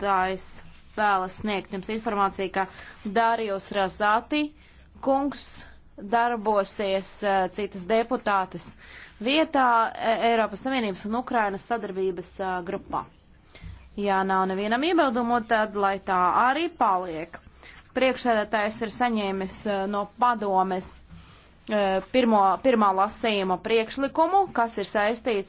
priekšsēdētājs vēlas sniegt jums informāciju, ka Dārijos Razāti kungs darbosies e, citas deputātes vietā e, Eiropas Savienības un Ukrainas sadarbības e, grupā. Ja nav nevienam iebildumu, tad lai tā arī paliek. Priekšsēdētājs ir saņēmis no padomes pirmo, pirmā lasījuma priekšlikumu, kas ir saistīts